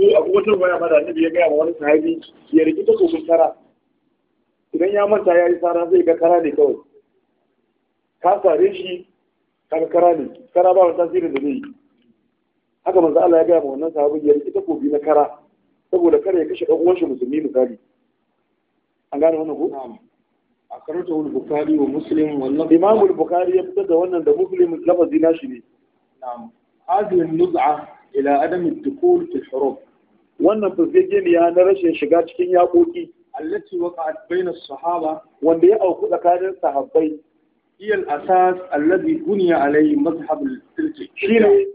Ko akwai wata waya ma da annabi ya gaya ma wani sahabi ya riki ta kofin kara idan ya manta ya yi sara zai ga kara ne kawai ka sare shi kaga ne kara ba wani tasiri da zai yi haka manzo Allah ya gaya ma wannan sahabi ya riki ta kofi na kara saboda kare ya kashe ɗan uwan musulmi misali an gane wannan ko a karanta wani bukari wa muslim wannan imamu bukari ya fitar da wannan da muslim lafazi nashi ne na'am hadhihi nuz'a ila adam ad-dukhul fi al-huruf wannan fizgegeniya na rashin shiga cikin yaƙoƙi allati waqa'at bayna sahaba wanda ya auku tsakanin sahabbai Iyal asas alladhi buniya alayhi mazhab al-tilki shine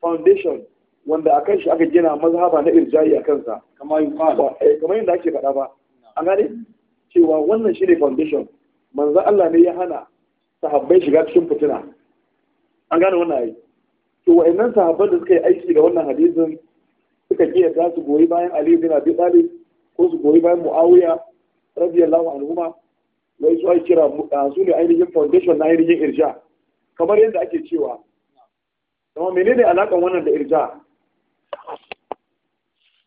foundation wanda akan shi aka gina mazhaba na irjayi a kansa kama yuqal eh, kamar yadda ake faɗa ba an gane cewa wannan shine foundation Manzan Allah ne ya hana sahabbai shiga cikin fitina an gane wannan ayi to wa'annan sahabban da suka yi aiki da wannan hadisin suka za su goyi bayan Ali bin Abi Talib ko su goyi bayan Muawiya radiyallahu ma wai su ai kira su ne ainihin foundation na ainihin irja kamar yadda ake cewa kuma menene alakan wannan da irja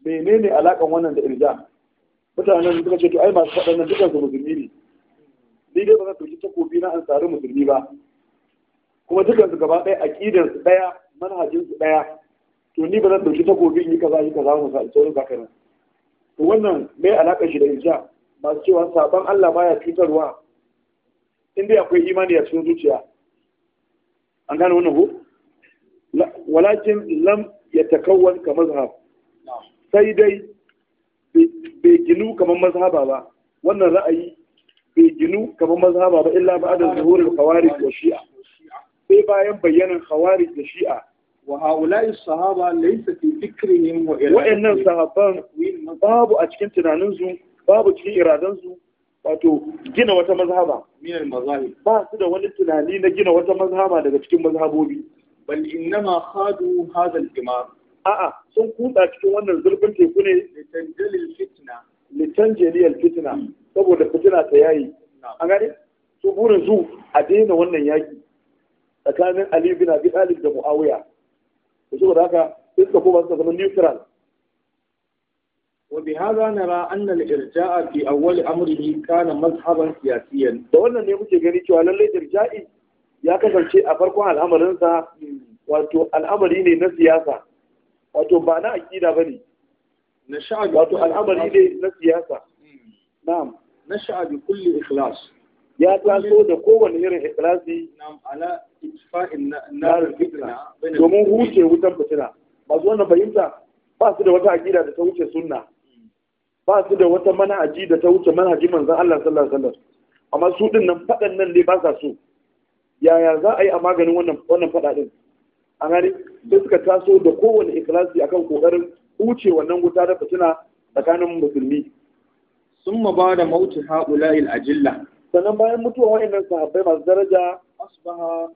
menene alakan wannan da irja mutanen suka ce to ai masu faɗan nan dukkan su musulmi ne ni dai ba za su ɗauki takobi na an tsari musulmi ba kuma dukkan su gaba ɗaya aƙidar su ɗaya manhajin su ɗaya to ni ba zan dauki takobi in yi kaza yi kaza mu sai sauran baka to wannan mai alaka shi da irja masu cewa saban Allah baya cutarwa in dai akwai imani a cikin zuciya an gane wannan ko walakin lam yatakawwan ka mazhab sai dai bai ginu kamar mazhaba ba wannan ra'ayi bai ginu kamar mazhaba ba illa ba'da zuhurul khawarij wa shi'a sai bayan bayyanan khawarij da shi'a وهؤلاء الصحابة ليس في fi fikrihim wa wa'annan sahabban babu a cikin tunaninsu babu cikin wato gina wata mazhaba al mazahib ba su da wani tunani na gina wata mazhaba daga cikin mazhabobi bal innama khadu hadha al-imam a'a sun kutsa cikin wannan zurfin teku ne litanjalil fitna al fitna saboda fitina ta yayi an gane su burin su a daina wannan yaki tsakanin Ali bin Abi Talib da Muawiya da da haka sai suka koma zama neutral وبهذا نرى أن الإرجاء في أول أمره كان مذهبا سياسيا. دولنا على ya kasance a farkon al'amarinsa wato al'amari ne na siyasa wato ba na aƙida ba ne wato al'amari ne na siyasa na sha'abi ikhlas ya taso da kowane irin ikhlasi domin huce wutan fitina masu wannan fahimta ba su da wata aqida da ta wuce sunna ba su da wata manhaji da ta wuce manhaji manzon Allah sallallahu alaihi wasallam amma su din nan fadan nan ne ba sa so yaya za a yi a maganin wannan wannan fada din an gani sai suka taso da kowane ikhlasi akan kokarin huce wannan wuta da fitina tsakanin musulmi ثم da موت هؤلاء الأجلة sannan bayan mutuwa wa'annan sahabbai masu daraja asbaha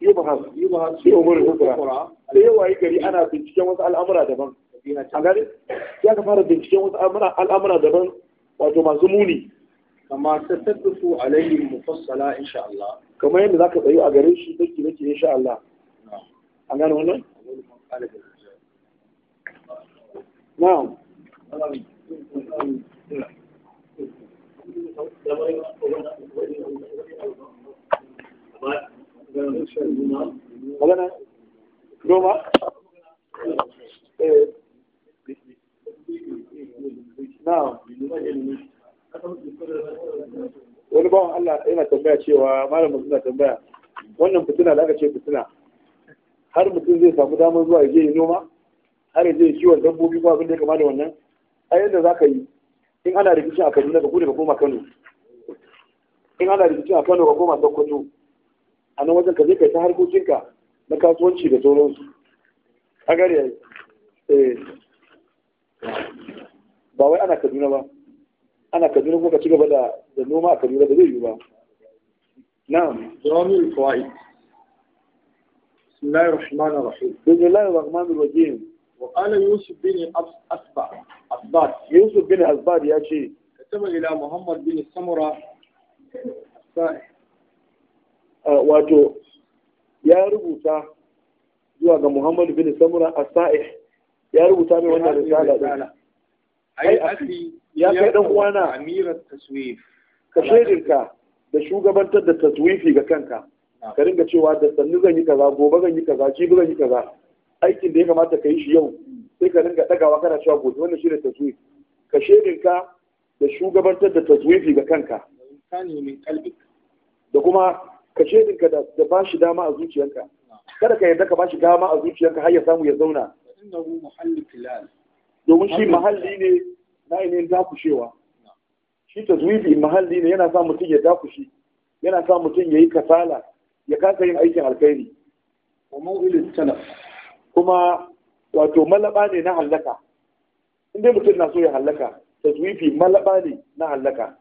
yubhas yi fi umur al-ukhra sai wayi gari ana binciken wasu al'amura daban a gari ya ka fara binciken wasu al'amura daban wato masu muni kama tattadufu alayhi mufassala insha Allah kamar yadda ka tsayo a garin shi dake dake insha Allah an gane wannan na'am Eh. wani bawan Allah yana tambaya cewa malam malamin suna tambaya wannan fitina da aka ce fitina har mutum zai samu damar zuwa ya je ya noma har ya je kiwon dabbobi ko abin da ya kama da wannan a yadda za ka yi in ana rikici a Kaduna ka gudu ka koma Kano in ana rikici a Kano ka koma Sokoto a nan wajen ka je ka ta harkokinka na kasuwanci da sauransu a gari eh ba wai ana Kaduna ba ana Kaduna kuma ka ci gaba da noma a Kaduna da zai yi ba na'am jami'ul fawaid بسم الله الرحمن الرحيم بسم الله الرحمن الرحيم وقال يوسف بن أسبع Azbar, Yusuf bin Azbar ya ce kataba ila Muhammad bin Samura wato ya rubuta zuwa ga Muhammad bin Samura a saih ya rubuta mai wannan sa’ala ɗin. ai Afi, ya kai ɗan uwana Amirar taswif ka shaidirka da shugabantar da taswifi ga kanka ka ringa cewa da sannu zan yi kaza gobe zan yi kaza jibi zan yi kaza aikin da ya kamata ka yi shi yau sai ka ringa ɗagawa kana cewa gobe wannan shi ne taswif ka shedinka da shugabantar da taswifi ga kanka da kuma ka shedinka da ba shi dama a zuciyanka kada ka yarda ka ba shi dama a zuciyanka har ya samu ya zauna domin shi mahalli ne na ainihin dakushewa shi taswifi mahalli ne yana sa mutum ya dakushi yana sa mutum ya yi kasala ya kasa yin aikin alkhairi kuma wato malaba ne na hallaka inda mutum na so ya hallaka tuwifi malaba ne na hallaka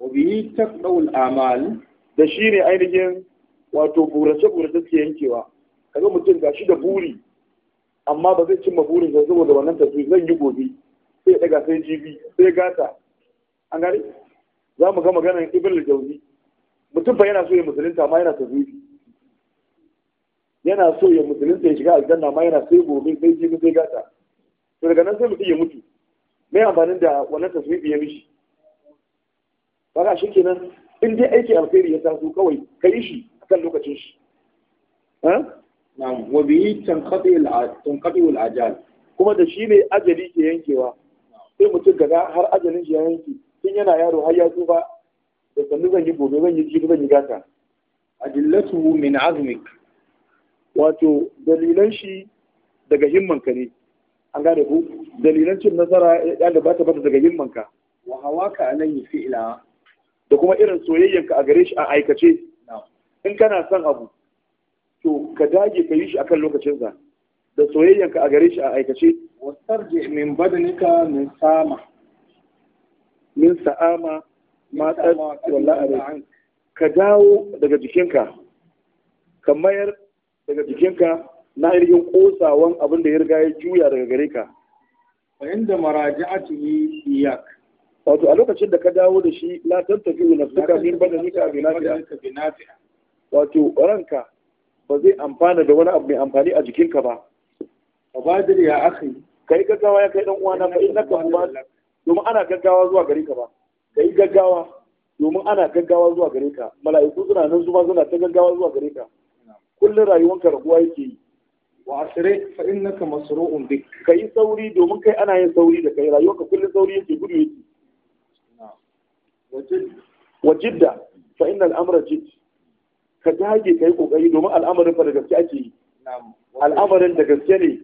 wa ta taqdul amal da shi ne ainihin wato burace burace suke yankewa kaga mutum ga shi da buri amma ba zai cimma burin sa saboda wannan taswifi zan yi gobe sai daga sai jibi sai gata an gani za mu ga maganar ibn al-jawzi mutum fa yana so ya musulunta amma yana taswifi yana so ya musulunta ya shiga aljanna ma yana sai gobe sai jibi sai gata to daga nan sai mutum ya mutu mai amfanin da wannan taswifi ya mishi ga shi kenan in dai aiki alkhairi ya taso kawai ka yi shi akan lokacin shi na'am wa bihi tanqati al ajal kuma da shi ne ajali ke yankewa sai mutum gaga har ajalin shi ya yanke tun yana yaro har ya tsufa da sannu zan yi gobe zan yi jibi zan yi gata adillatu min azmik wato dalilan shi daga himmanka ne an gane ku dalilan cin nasara eh, ya ta bata daga himmanka wa hawaka fi fi'la da kuma irin soyayyanka a gare shi a aikace in kana son abu to ka dage ka yi shi akan lokacinsa da soyayyanka a gare shi a aikace wasarje min badanika min sama min sa'ama ma tsar wallahi ka dawo daga jikinka ka mayar daga jikinka na irin kosawan abin da ya riga ya juya daga gare ka fa inda maraja'atuhu iyak wato a lokacin da ka dawo da shi la tantafi na suka min nika bi nafi'a wato ranka ba zai amfana da wani abu mai amfani a jikinka ba fabadir ya Ka kai gaggawa ya kai dan uwana fa ka kuma domin ana gaggawa zuwa gare ka ba kai gaggawa domin ana gaggawa zuwa gare ka mala'iku suna nan zuma suna ta gaggawa zuwa gare ka kullum rayuwanka raguwa yake yi wa asire fa innaka masru'un bik kai sauri domin kai ana yin sauri da kai rayuwarka kullum sauri yake gudu yake wa jidda fa innal amra jidd ka dage kai kokari domin al'amarin fa da gaske ake yi al'amarin da gaske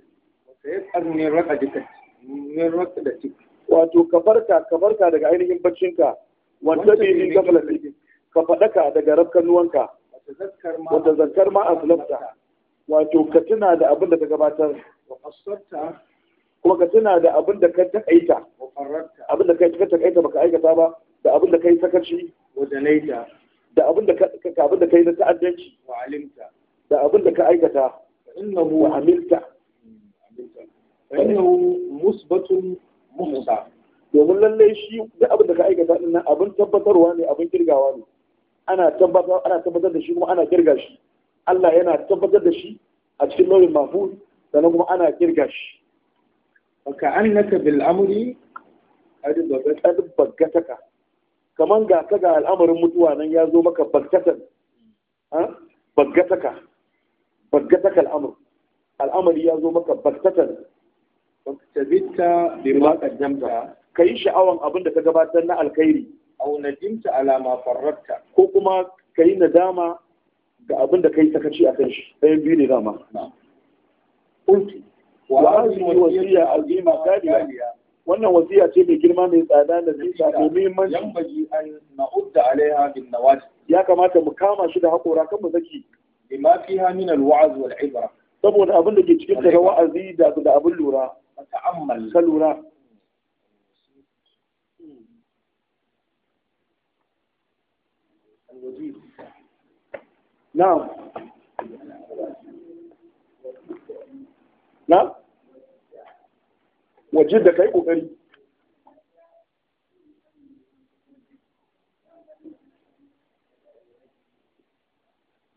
ne wato ka farka ka farka daga ainihin baccinka wanda bai yi gafalar ka fadaka daga nuwanka? وتذكر ما ma aslafta wato ka tuna da abin da gabatar kuma ka tuna da abin da ka takaita abin da ka takaita baka aikata ba da abin da ka yi sakaci da abin da ka abin da kai yi na ta'addanci da abin da ka aikata innahu wa amilta innahu musbatun musa. domin lalle shi da abin da ka aikata din abin tabbatarwa ne abin kirgawa ne ana tabbatar ana tabbatar da shi kuma ana kirga shi Allah yana tabbatar da shi a cikin lauyin mahfuz sannan kuma ana kirga shi ka annaka bil amri ka. kaman ga ka ga al'amarin mutuwa nan ya zo maka baggatan ha baggataka baggataka ka al'amari ya zo maka baggatan tabitta bi ma Ka kai sha'awan abin da ka gabatar na alkhairi aw nadimta ala ma farratta ko kuma kai nadama ga abin da kai sakaci akan shi ɗayan biyu ne dama kunti wa azmi wasiya azima wannan wasiya ce mai girma mai tsada da zinta domin man yambaji an na'udda alaiha bin nawaj ya kamata mu kama shi da hakora kan mu zaki lima fiha min alwa'z wal ibra saboda abin da ke cikin ta wa'azi da da abin lura ta'ammal ka lura na waje kai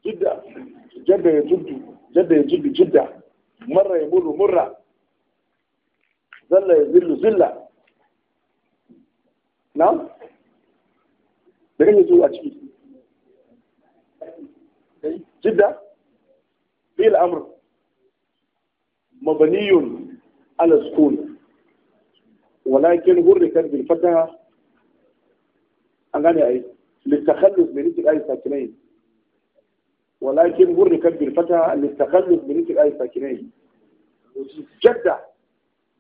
jidda ya jiddu jidda mara ya murru mura, zalla ya zillu zilla na da a ciki جدا في الأمر مبني على السكون ولكن هركت بالفتحة أغاني أي للتخلص من نتج آي ساكنين ولكن هركت بالفتحة للتخلص من نتج آي ساكنين جدة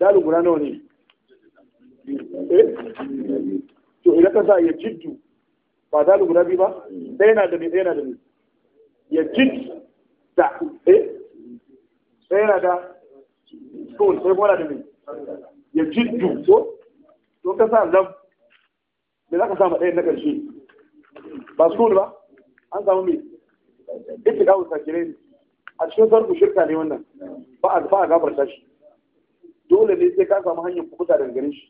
قالوا برانوني إيه؟ to idan ka sa ya jiddu ba ما دينا biyu دينا ɗaya ya jin da eh yana da sun sai kuma da me ya jin du ko to ka sa lam me za ka sa ɗayan na ƙarshe ba su ba an samu me ita ga wuta kire a cikin sarku shirka ne wannan ba a ba a gafarta shi dole ne sai ka samu hanyar kubuta daga gare shi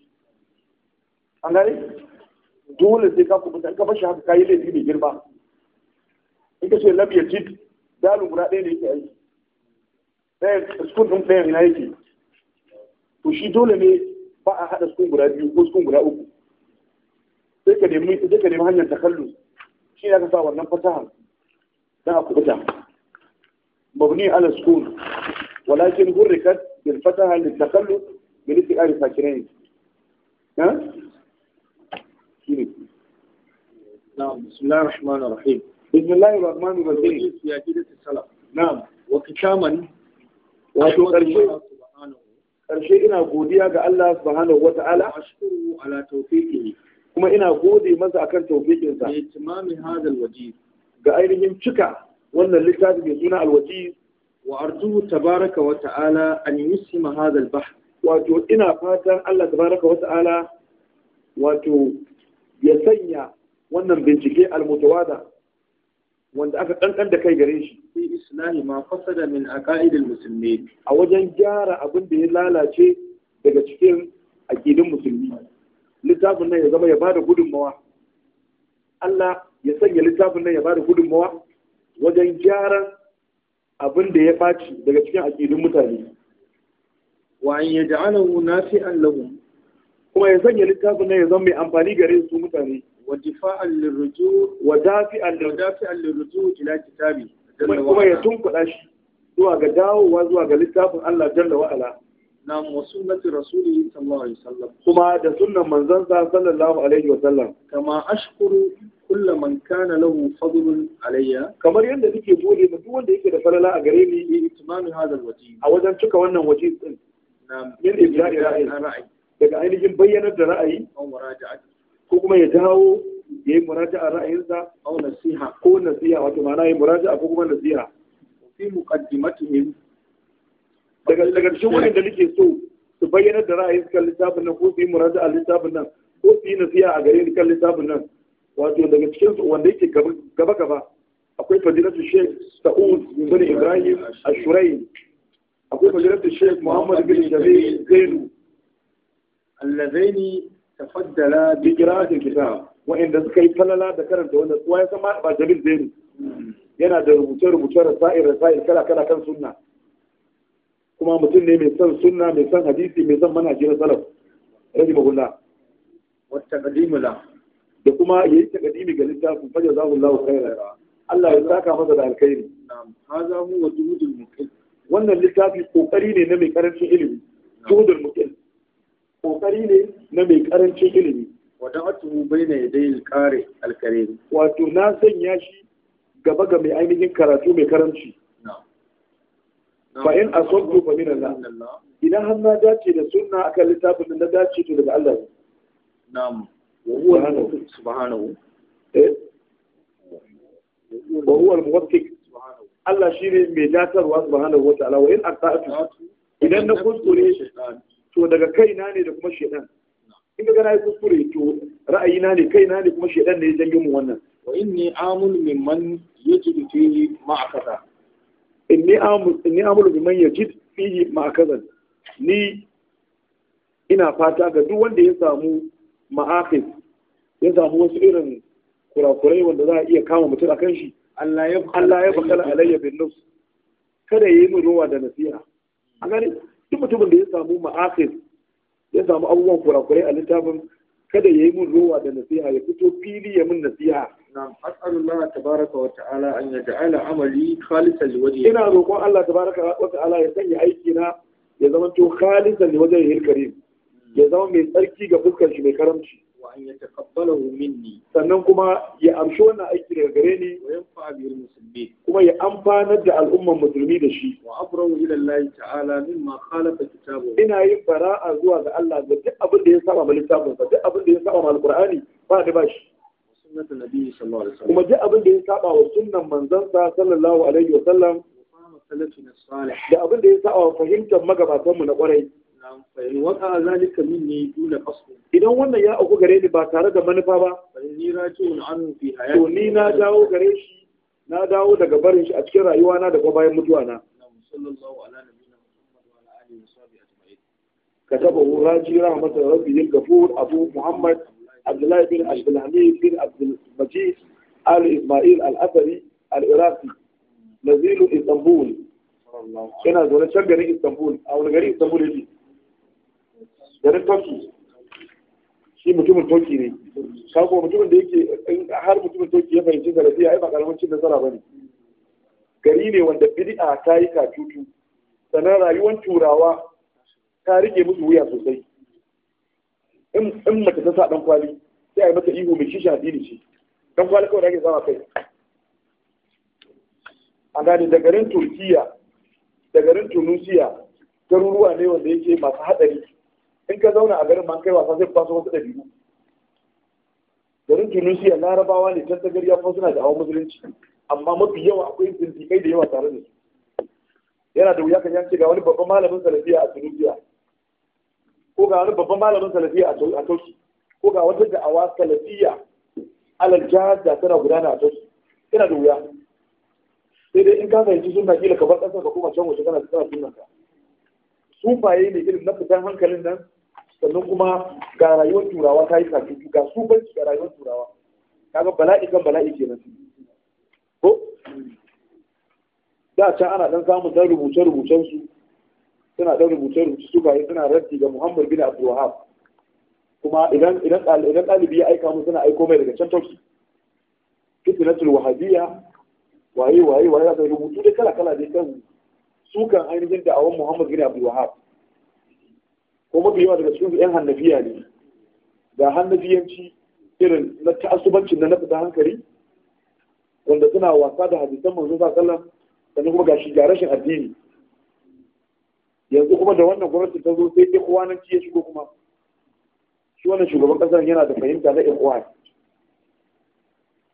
an gane dole sai ka kubuta in ka bar shi haka kayi laifi mai girma ka ce lam yajid dalun guda ɗaya ne yake aiki ɗaya sukun ɗin ɗaya ina yake to shi dole ne ba a haɗa sukun guda biyu ko sukun guda uku sai ka nemi sai ka nemi hanyar takallu shi ne aka sa wannan fasaha dan a kubuta mabni ala sukun walakin hurrikat bil fataha lil takallu bil istiqari sakinain ha نعم بسم الله الرحمن rahim bismillahir rahmanir rahim ya ji da na'am wa kitaman wato karshe karshe ina godiya ga Allah subhanahu wata'ala ashkuru ala tawfiqihi kuma ina gode masa akan tawfiqin sa itimami hadha alwajiz ga ainihin cika wannan littafi mai suna alwajiz wa arju tabaraka wa ta'ala an yusima hadha albahr wato ina fatan Allah tabaraka wa ta'ala wato ya sanya wannan bincike almutawada wanda aka kankan da kai gare shi fi islahi ma fasada min aqaidil muslimin a wajen gyara abin da ya lalace daga cikin aqidin musulmi littafin nan ya zama ya bada gudunmawa Allah ya sanya littafin nan ya bada gudunmawa wajen gyara abin da ya ɓaci daga cikin aqidin mutane wa an yaj'alahu nafi'an lahum kuma ya sanya littafin nan ya zama mai amfani gare su mutane ودفاعا للرجوع ودافعا ودافعا للرجوع الى كتابه kuma ya tunkuɗa zuwa ga dawowa zuwa ga Allah jalla wa ala nam wa sunnati rasulihi sallallahu kuma da sunnan manzon sa sallallahu alaihi wasallam kama ashkuru kullu man kana lahu fadlun alayya kamar yadda nake gode ma wanda yake da falala a gare ni bi itmanu hadha alwaji a wajen cika wannan waji ra'ayi daga ainihin bayyanar da ra'ayi an waraja'ati ko kuma ya dawo ya yi muraja a ra'ayinsa au nasiha ko nasiha wato ma'ana ya muraja ko kuma nasiha fi muqaddimatihim daga daga cikin eh. wurin da nake so su bayyana da ra'ayin kan littafin nan ko su yi muraja a littafin nan ko su yi nasiha a gare ni kan littafin nan wato daga cikin wanda yake gaba gaba akwai fadilatu sheikh sa'ud bin ibrahim ashurayn akwai fadilatu sheikh muhammad bin jamil zainu allazaini tafaddala bi qira'atil kitab wa'inda suka yi falala da karanta wannan suwa ya sama ba jalil zaini yana da rubuce rubuce da rasa'il kala kala kan sunna kuma mutum ne mai son sunna mai son hadisi mai son manhajin salaf rahimahullah wa wata la da kuma yayi taqdimi ga littafin fa jazakumullahu khairan Allah ya saka masa da alkhairi na'am mu wasu juhudul mutum. wannan littafi kokari ne na mai karancin ilimi juhudul muqim kokari ne na mai karancin ilimi wata bayna na yadda yin kare alkare. wato na sanya shi gaba ga mai ainihin karatu mai karanci fa a asabtu fa min Allah idan har na dace da sunna akan littafin da na dace to daga Allah ne na'am subhanahu eh wa huwa al-muwaffiq subhanahu Allah shine mai datarwa subhanahu wa ta'ala wa in aqta'tu idan na kuskure to daga kaina ne da kuma shedan in ga na kuskure to ra'ayina ne kaina ne kuma shedan ne ya janyo mu wannan wa inni amul man yajid fihi ma'akaza inni amul inni amul man yajid fihi ma'akaza ni ina fata ga duk wanda ya samu ma'akiz ya samu wasu irin kurakurai wanda za a iya kama mutum a kan shi Allah ya bakala alayya bin nufs kada ya yi min ruwa da nasiha a gani duk mutumin da ya samu ma'akir ya samu abubuwan kurakure a littafin kada ya yi min rowa da nasiha ya fito fili ya min nasiha na'am as'alullah baraka wa ta'ala an yaj'ala amali khalisan waje. ina roƙon Allah baraka wa ta'ala ya sanya aiki na ya zama to khalisan liwajhi karim ya zama mai tsarki ga fuskar shi mai karamci wa an yataqabbalahu minni sannan kuma ya amshi wannan aiki daga gare ni wa yanfa'a bil muslimin kuma ya amfanar da al'umman musulmi da shi wa abrahu ila Allah ta'ala mimma khalafa kitabu ina yin bara'a zuwa ga Allah ga duk abin da ya saba ma littafin sa duk abin da ya saba ma alqur'ani ba da bashi sunnatul nabi sallallahu alaihi wasallam kuma duk abin da ya saba wa sunnan manzon sa da abin da ya fahimtar na kwarai idan wannan ya auku gare ni ba tare da manufa ba to ni na dawo gare shi na dawo daga barin shi a cikin rayuwa na da kuma bayan mutuwa na sallallahu ala nabiyina muhammad wa ala alihi wa sahbihi abu muhammad abdullahi bin abdul hamid bin abdul majid al ismail al athari al iraqi nazilu istanbul yana zaune can garin istanbul a wani gari istanbul yake garin turkey shi mutumin turkey ne kago mutumin da yake har mutumin turkey ya fahimci salafiya Ya ba karamin cin nasara ba ne gari ne wanda bid'a ta yi kacutu sannan rayuwar turawa ta rike musu wuya sosai in mace ta sa dan kwali sai a yi mata ihu mai shisha addini ce dan kwali kawai ake zama kai a gane da garin turkiya da garin tunisia garuruwa ne wanda yake masu haɗari in ka zauna a garin man kai wasa zai kwaso wasu ɗabi'u garin tunisia larabawa ne can ta gari ya suna da hawan musulunci amma mafi yawa akwai zindikai da yawa tare da su yana da wuya kan yanke ga wani babban malamin salafiya a tunisia ko ga wani babban malamin salafiya a tauki ko ga wata da'awa salafiya alal jihar da tana gudana a tauki yana da wuya sai dai in ka fahimci suna kila ka bar ƙasar ka koma can wasu kana tsara sunan ka sufaye ne irin na fitan hankalin nan sannan kuma ga rayuwar turawa ta yi kafin ga sufanci ga rayuwar turawa kaga bala'i kan bala'i kenan ko da can ana dan samun dan rubuce rubucen su suna dan rubuce rubuce sufaye suna raddi ga Muhammad bin Abdul Wahab kuma idan idan idan ɗalibi ya aika mu suna aiko mai daga can Turkey fitnatul wahabiyya waye waye waye da rubutu da kala kala dai kan sukan ainihin da'awan Muhammad bin Abdul Wahab ko mafi yawa daga cikin yan hannabiya ne ga hannabiyanci irin na ta'assubancin na nafi hankali wanda suna wasa da hadisan manzon sa sallam sannan kuma gashi ga rashin addini yanzu kuma da wannan gwamnati ta zo sai ci ya shigo kuma shi wannan shugaban kasar yana da fahimta na ikhwan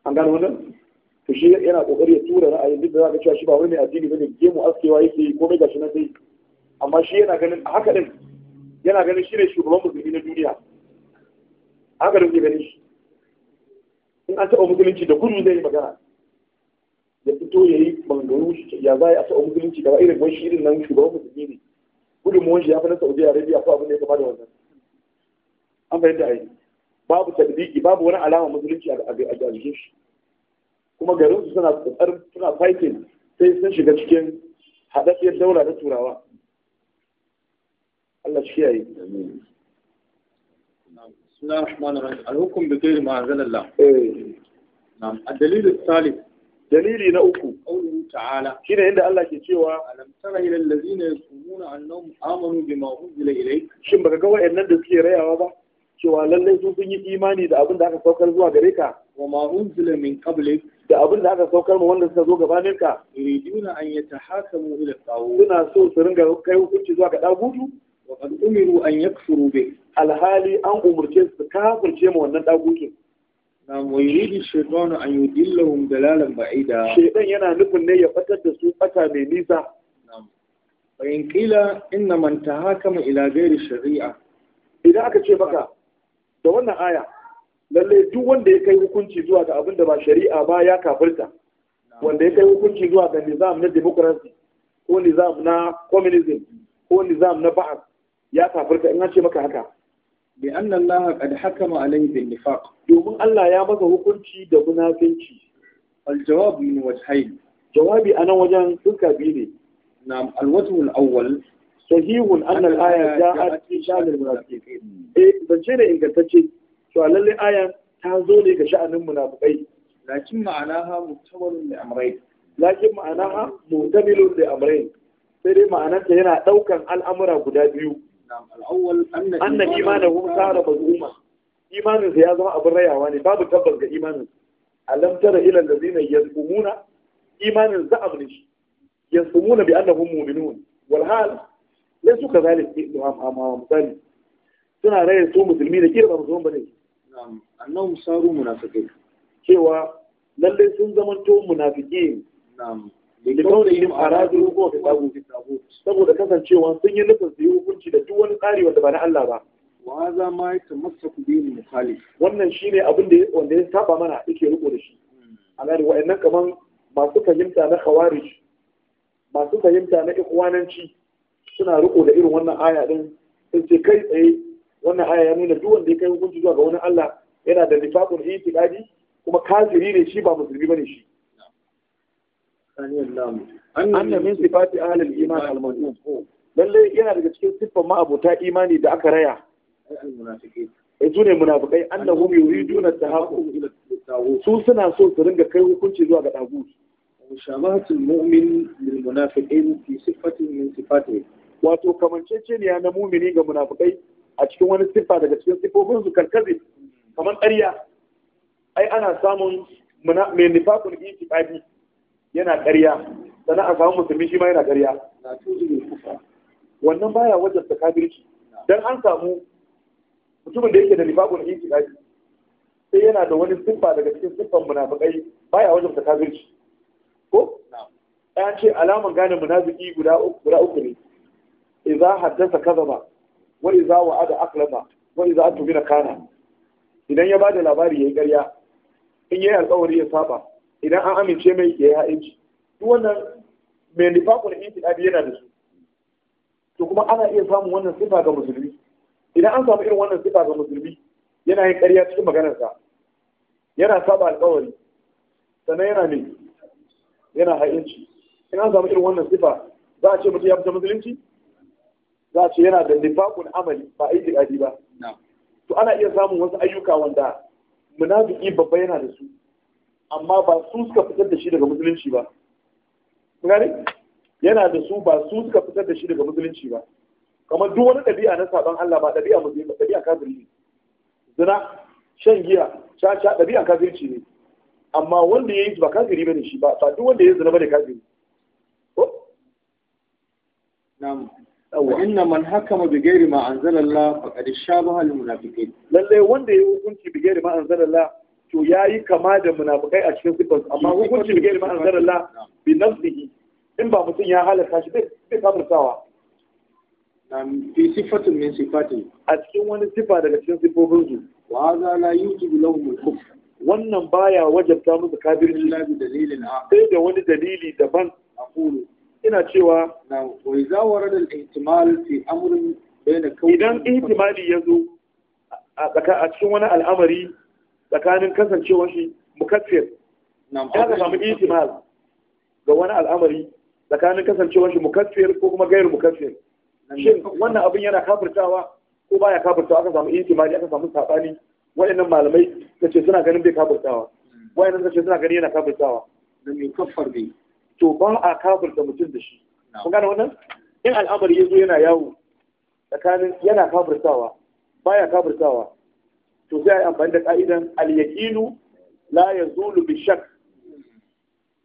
an gano wannan to shi yana kokari ya tura ra'ayin duk da zaka cewa shi ba wani addini bane mu askewa yake mai gashi na sai amma shi yana ganin haka din yana ganin shi ne shugaban musulmi na duniya haka din kuke ganin shi in an taɓa musulunci da gudu zai yi magana ya fito ya yi maganganu ya za a yi a taɓa musulunci gaba irin wani irin nan shugaban musulmi ne mu shi ya fi na saudi arabia ko abin da ya kama da wannan an fahimta a yi babu tadbiki babu wani alama musulunci a jikin shi kuma garin su suna kokarin suna fighting sai sun shiga cikin haɗaɗɗiyar daula ta turawa Allah shi yayi بسم الله الرحمن الرحيم الحكم بغير ما أنزل الله A dalilin الثالث dalili na uku qawluhu ta'ala shine inda Allah ke cewa alam tara ila allazina yasumuna annahum amanu bima unzila ilayk shin baka ga wayannan da suke rayawa ba cewa lallai su sun yi imani da abin da aka saukar zuwa gare ka wa ma unzila min qablik da abin da aka saukar mu wanda suka zo gabanin ka yuriduna an yatahakamu ila tsawo suna so su ringa kai hukunci zuwa ga dagutu wa qad umiru an yakfuru bi alhali an umurce su kafirce ma wannan dagutun na wa yuridu shaytanu an yudillahum dalalan ba'ida shaytan yana nufin ne ya fatar da su fata mai nisa fa in qila inna man tahakama ila ghairi shari'a idan aka ce maka da wannan aya lalle duk wanda ya kai hukunci zuwa ga abin da ba shari'a ba ya kafirta wanda ya kai hukunci zuwa ga nizam na democracy ko nizam na communism ko nizam na ba'as ya kafirta in an ce maka haka bi anna Allah qad hakama alayhi bin nifaq domin Allah ya maka hukunci da munafinci al jawab min wajhayn jawabi anan wajen duka biyu ne na'am al wajh awwal sahihun anna al aya ja'at fi shan munafiqin eh zance ne ingantacce cewa lalle ayan ta zo ne ga sha'anin munafukai lakin ma'anaha mutamalun da amrai lakin ma'anaha mutamalun da amrai sai dai ma'anarta yana daukan al'amura guda biyu anna imanahum sara mazuma imanin sa ya zama abin rayawa ne babu tabbas ga imanin alam tara ila allazina yazkumuna imanin za'ab ne shi yazkumuna bi annahum mu'minun wal hal laysu kadhalik amma eh, misali suna rayar su musulmi da kira ba musulman bane annan musaru munafikai cewa lalle sun zamanto munafiqin na'am da kaunihim aradu hukum fi tabu saboda kasancewa sun yi nufin su yi hukunci da duk wani tsari wanda ba na Allah ba wa za ma yatamassaku bihi misali wannan shine abin da wanda ya saba mana yake riko da shi a gari wa'annan kaman masu fahimta na khawarij masu fahimta na ikwananci suna riko da irin wannan aya din sai kai tsaye wannan aya ya nuna duk wanda ya kai hukunci zuwa ga wani Allah yana da nifaqun itiqadi kuma kafiri ne shi ba musulmi bane shi anna min sifati ahli al-iman al-madhum lalle yana daga cikin siffar ma'abota imani da aka raya ai eh, su ne munafikai annahum yuriduna tahaqqu su suna so su ringa kai hukunci zuwa ga dagu mushabahatul mu'min lil munafiqin fi sifatin min sifatihi wato kamanceceniya na mumini ga munafikai a cikin wani siffa daga cikin siffofin su kalkazi kamar ƙarya ai ana samun mai nifakun itiqadi yana ƙarya sannan a samu musulmi shi ma yana ƙarya wannan baya wajen ta kafirci dan an samu mutumin da yake da nifakun itiqadi sai yana da wani siffa daga cikin siffan munafikai baya wajen ta kafirci ko ɗaya ce alaman gane munafiki guda uku ne idza haddasa ba wa iza wa'ada aklama wa iza atumina kana idan ya bada labari yayi ƙarya in yayi alƙawari ya saba idan an amince mai yayi ha'inci duk wannan mai nifaqul da yana da su to kuma ana iya samun wannan sifa ga musulmi idan an samu irin wannan sifa ga musulmi yana yin ƙarya cikin maganarsa yana saba alƙawari sannan yana ne yana ha'inci in an samu irin wannan sifa za a ce mutum ya fita musulunci za su yana da nifaqun amali ba a itiqadi ba to ana iya samun wasu ayyuka wanda munafiki babba yana da su amma ba su suka fitar da shi daga musulunci ba Gani? yana da su ba su suka fitar da shi daga musulunci ba kamar duk wani ɗabi'a na saban Allah ba ɗabi'a musulunci ba ɗabi'a kafiri ne zina shan giya caca ɗabi'a kafirci ne amma wanda ya yi ba kafiri bane shi ba ba duk wanda ya yi zina ne kafiri na'am inna man hakama bi ghairi ma anzalallah faqad shabaha al munafiqin lalle wanda yayi hukunci bi ghairi ma anzalallah to yayi kama da munafikai a cikin sifar amma hukunci bi ghairi ma anzalallah bi nafsihi in ba mutum ya halaka shi bai kamurtawa fi sifatin min sifati a cikin wani sifa daga cikin sifofin su wa hadha la yujibu lahum al kufr wannan baya wajabta musu kafirci illa bi dalilin sai da wani dalili daban a aqulu ina cewa na wai idza warada ihtimal fi amrin bayna kawai idan ihtimali zo a cikin wani al'amari tsakanin kasancewar shi mukaffir na ka samu ihtimal ga wani al'amari tsakanin kasancewar shi mukaffir ko kuma gairu mukaffir shin wannan abin yana kafirtawa ko baya kafirtawa aka samu ihtimali aka samu sabani wayannan malamai kace suna ganin bai kafirtawa hmm. wayannan kace suna ganin yana kafirtawa dan mai kaffar bai to ba a da mutum da shi kun gane wannan in al'amari ya zo yana yawo tsakanin yana kafirtawa baya kafirtawa to sai ai amfani da ka'idan al-yaqinu la yazulu bi shakk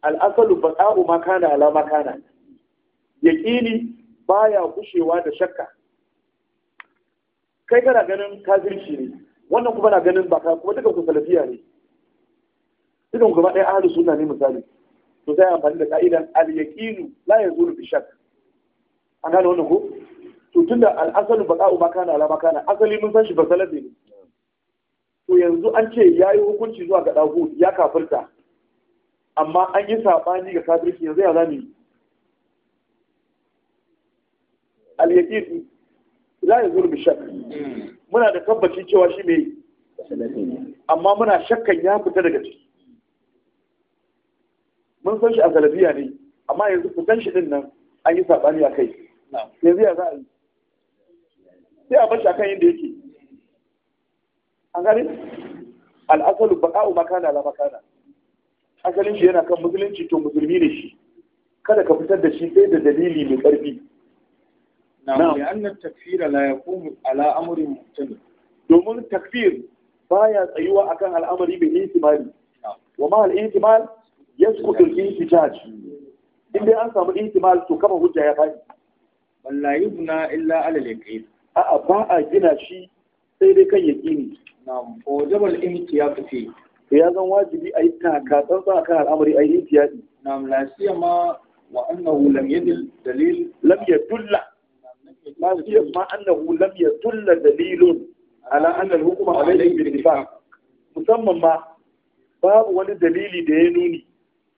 al-asalu baqa'u ma kana ala ma kana yaqini baya kushewa da shakka kai kana ganin kafirci ne wannan kuma na ganin baka kuma duka ku salafiya ne idan gaba ɗaya ahlus sunna ne misali to sai amfani da ka'idan al-yaqinu la yazulu bi shakk an nan wannan ko to tunda al-asalu baqa'u ma kana ala ma kana asali mun san shi basalar ne to yanzu an ce yayi hukunci zuwa ga dahu ya kafirta amma an yi sabani ga kafirci yanzu ya zami al yaqinu la yazulu bi shakk hmm. muna da tabbaci cewa shi mai amma muna shakkan ya fita daga ciki mun san shi a galabiya ne amma yanzu san shi din nan an yi saɓani a kai yanzu ya za a yi sai a bar shi akan yadda yake an gani al'asalu baqa'u makana la makana asalin shi yana kan musulunci to musulmi ne shi kada ka fitar da shi sai da dalili mai ƙarfi na'am ya annat takfira la yaqumu ala amrin muhtamil domin takfir baya tsayuwa akan al'amari mai ihtimali wa ma al-ihtimal yasqutu al-ihtijaj in dai an samu ihtimal to kama hujja ya fadi wallahi yubna illa ala al-yaqin a'a ba a gina shi sai dai kan yaqini na'am wajibal ihtiyat fi ya zan wajibi a yi takatsan sa kan al'amari a yi ihtiyati na'am la siyama wa annahu lam yadil dalil lam yadulla la ma annahu lam yadulla dalilun ala anna al-hukma alayhi bil musamman ma babu wani dalili da ya nuni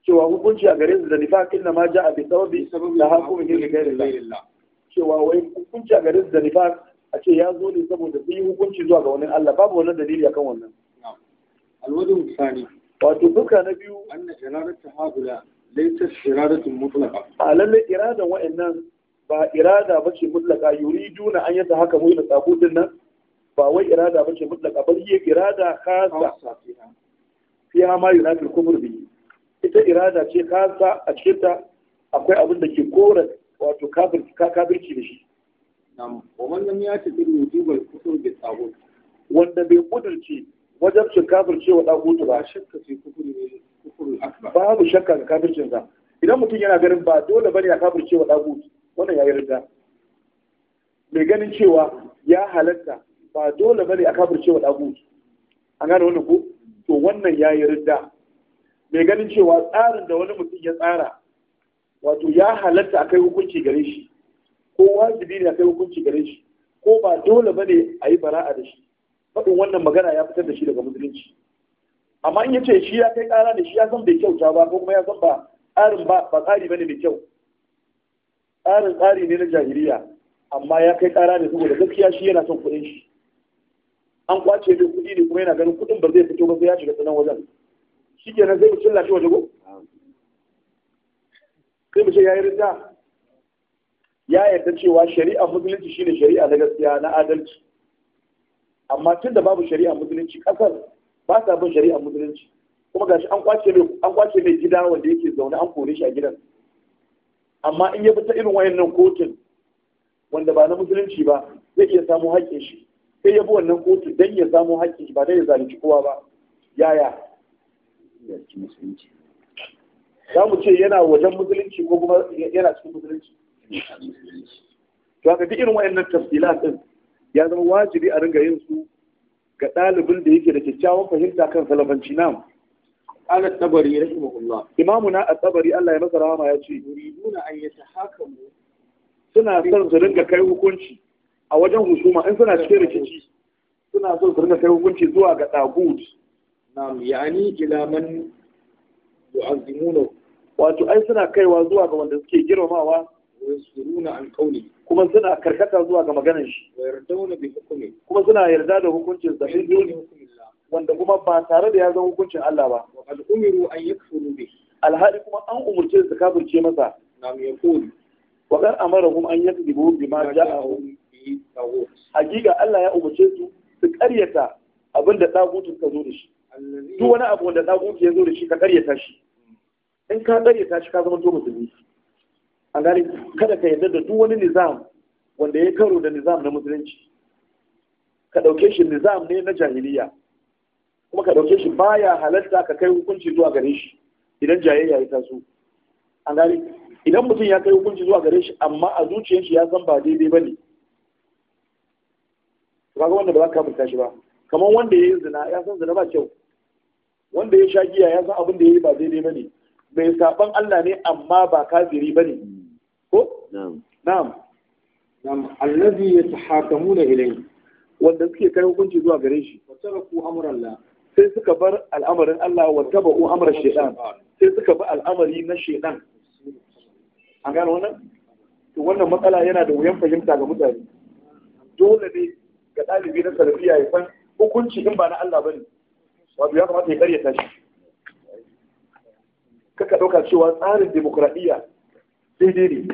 cewa hukunci a gare su da nifaq na ma ja ja'a bi sababi la hakumu bi ghairillah cewa wai hukunci a gare su da nifaq a ce ya zo ne saboda sun yi hukunci zuwa ga wani Allah babu wani dalili akan wannan alwajin wato duka na biyu anna iradatu hadula laysa iradatun mutlaka. a lallai iradan wa'annan ba irada ce mutlaka duna an yata haka mu da din nan ba wai irada ba ce mutlaka ba. yi irada kasa. Fiya ma yunafil kufr biyu. ita irada ce kasa a cikin ta akwai abin da ke kora wato kafirci ka kafirci da shi nam wannan lam yati bil wujubal kufur da tawut wanda bai kudurce wajabcin kafirce wa dagutu ba shakka sai kufuri ne kufurul akba babu shakka ga kafircin sa idan mutum yana ganin ba dole bane ya kafirce wa dagutu wannan ya riga mai ganin cewa ya halatta ba dole bane a kafirce wa dagutu an gane wannan ko to wannan ya riga mai ganin cewa tsarin da wani mutum ya tsara wato ya halatta a kai hukunci gare shi ko wajibi ne a kai hukunci gare shi ko ba dole ba ne a yi bara'a da shi faɗin wannan magana ya fitar da shi daga musulunci amma in ya ce shi ya kai ƙara ne shi ya san bai kyauta ba ko kuma ya san ba tsarin ba ba tsari bane mai kyau tsarin tsari ne na jahiliya amma ya kai ƙara ne saboda gaskiya shi yana son kuɗin shi an kwace mai kuɗi ne kuma yana ganin kuɗin ba zai fito ba sai ya shiga tsanan wajen shi kenan zai mu cilla shi waje ko sai mu ce ya yi rinta? ya yarda cewa shari'a musulunci shine shari'a na gaskiya na adalci amma tun da babu shari'a musulunci kasar ba ta bin shari'a musulunci kuma gashi an kwace mai an kwace mai gida wanda yake zaune an kore shi a gidan amma in ya fita irin wayannan kotun wanda ba na musulunci ba zai iya samu haƙƙin shi sai ya bi wannan kotu dan ya samu haƙƙin shi ba dan ya zalunci kowa ba yaya za mu ce yana wajen musulunci ko kuma yana cikin musulunci to haka duk irin wayannan tafsila din ya zama wajibi a ringa yin su ga ɗalibin da yake da kyakkyawan fahimta kan salafanci nam ala tabari rahimahullah imamuna at-tabari Allah ya masa rahama ya ce yuriduna an yatahakamu suna son su ringa kai hukunci a wajen husuma in suna cike rikici suna son su ringa kai hukunci zuwa ga tagut Na'am yani ila man yu'azzimunahu wato ai suna kaiwa zuwa ga wanda suke girmamawa yasuruna an kauli kuma suna karkata zuwa ga maganar shi yardauna bi hukumi kuma suna yarda da hukuncin dole, wanda kuma ba tare da ya zama hukuncin Allah ba wa qad umiru an yakfuru bi alhali kuma an umurce su kafirce masa Na nam yakuri wa qad amarahum an yakdibu ma ja'ahu bi tawhid hakika Allah ya umurce su su karyata abinda tagutun ka zo da shi duk wani abu wanda ɗaguki ya zo da shi ka ƙaryata shi in ka ƙaryata shi ka zama to musulmi a gani kada ka yarda da duk wani nizam wanda ya karo da nizam na musulunci ka ɗauke shi nizam ne na jahiliya kuma ka ɗauke shi baya halatta ka kai hukunci zuwa gare shi idan jayayya ya taso a gani idan mutum ya kai hukunci zuwa gare shi amma a zuciyar shi ya san ba daidai ba ne ba ga wanda ba za ka kafirta shi ba kamar wanda ya yi zina ya san zina ba kyau wanda ya sha giya ya san abin da ya yi ba daidai ba ne mai saban Allah ne amma ba kafiri ba ne ko na'am na'am allazi muna ilayhi wanda suke kai hukunci zuwa gare shi wataraku Allah. sai suka bar al'amarin Allah wa tabu amra shaytan sai suka bar al'amari na shaytan an gano wannan to wannan matsala yana da wuyan fahimta ga mutane dole ne ga ɗalibi na sarfiya ya san hukunci in ba na Allah bane wato ya kamata ya karyata shi kaka ɗauka cewa tsarin demokuraɗiyya daidai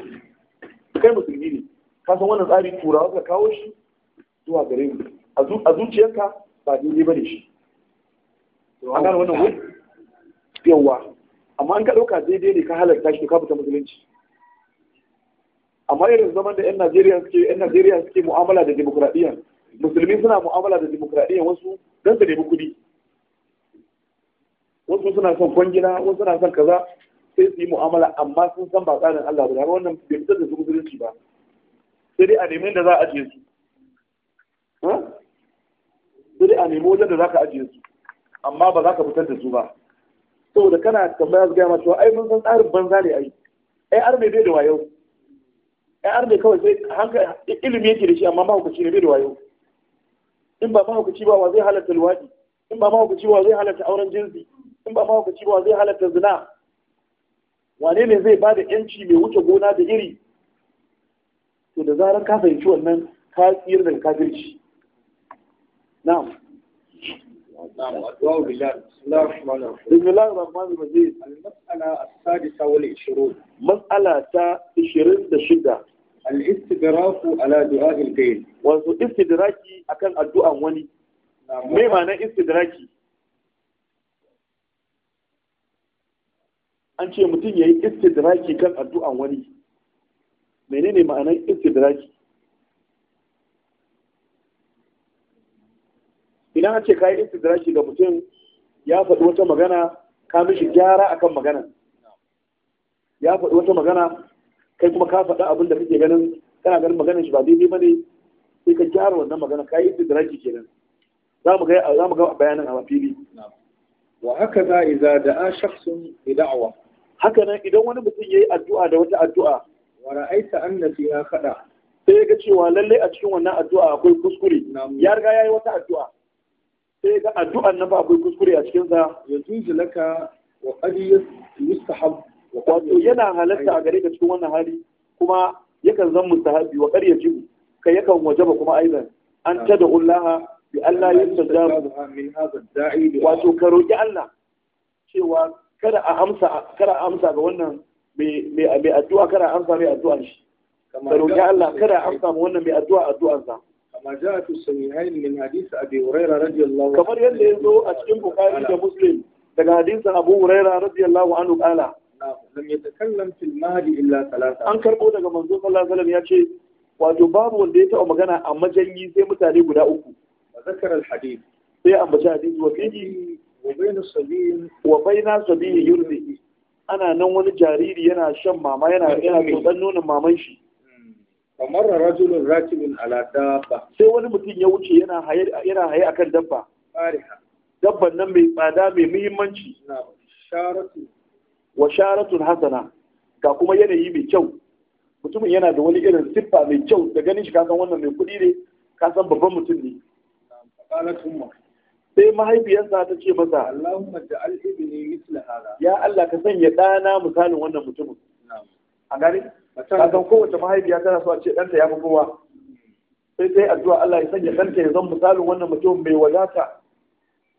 ne kai musulmi ne ka san wannan tsari turawa ka kawo shi zuwa gare mu a zuciyarka ba daidai ba ne shi an gane wannan wuri yawa amma an ka ɗauka daidai ne ka halarta shi ka fita musulunci amma irin zaman da 'yan Najeriya suke 'yan Najeriya suke mu'amala da demokuraɗiyya musulmi suna mu'amala da demokuraɗiyya wasu don su nemi kuɗi wasu suna son kwangila wasu suna son kaza sai su yi mu'amala amma sun san ba tsarin Allah ba wannan bai fitar da su musulunci ba sai dai a nemi da za a ajiye su sai dai a nemi wajen da za ka ajiye su amma ba za ka fitar da su ba saboda kana tambaya su gaya ma cewa ai mun san tsarin banza ne ai ai mai bai da wayo ai mai kawai sai hankali ilimi yake da shi amma mahaukaci ne bai da wayo in ba mahaukaci ba wa zai halatta luwaɗi in ba mahaukaci ba wa zai halatta auren jinsi in ba mahaukaci ba zai halatta zina wane ne zai ba da yanci mai wuce gona da iri to da zarar ka fahimci wannan ka tsira da ka girci na masala ta ishirin da shida. Mas'ala ala du'a al-ghayr. Wato istidraki akan addu'an wani. Me na istidiraki? an ce mutum ya yi istidraki kan addu'an wani menene ma'anar istidraki idan an ce ka yi istidraki ga mutum ya faɗi wata magana ka mishi gyara akan magana ya faɗi wata magana kai kuma ka faɗi abin da kake ganin kana ganin maganin shi ba daidai ba ne sai ka gyara wannan magana ka yi istidraki kenan za mu ga bayanin a fili wa haka za iza da a shakhsun bida'awa haka nan idan wani mutum ya yi addu'a da wata addu'a wa ra'aita anna ya kada sai ga cewa lallai a cikin wannan addu'a akwai kuskure ya riga yayi wata addu'a sai ga addu'an nan ba akwai kuskure a cikin sa yajuzu laka wa qad yustahab wato yana halatta a gare ka cikin wannan hali kuma yakan zan mustahabi wa qad yajibu kai yakan wajaba kuma aidan an tada ullaha bi Allah yastajaba min hadha da'i wato ka roki Allah cewa kada a amsa kada a amsa ga wannan mai mai addu'a kada a amsa mai addu'a shi kamar ya Allah kada a amsa ma wannan mai addu'a addu'an sa kamar ja tu sahihain min hadith abi hurairah radiyallahu kamar yadda yazo a cikin bukhari da muslim daga hadisin abu hurairah radiyallahu anhu qala lam yatakallam fil mali illa thalatha an karbo daga manzo sallallahu alaihi wasallam yace wato babu wanda ya taɓa magana a majanyi sai mutane guda uku zakar al hadith sai ambaci hadith wa fiji wa baina sabiyin yurdi ana nan wani jariri yana shan mama yana yana tsotsan nonon maman shi kamar rajulun rakibun ala dabba sai wani mutum ya wuce yana haye yana haye akan dabba dabban nan mai tsada mai muhimmanci wa sharatun hasana ga kuma yanayi mai kyau mutumin yana da wani irin siffa mai kyau da ganin shi kasan wannan mai kuɗi ne kasan babban mutum ne sai mahaifiyarsa ta ce masa Allahumma ja'al ibni mithla hada ya Allah ka sanya ɗana misalin wannan mutumin a gani ka san kowace mahaifiya tana so a ce ɗanta ya fi kowa sai sai addu'a Allah ya sanya ɗanta ya zama misalin wannan mutumin mai wadata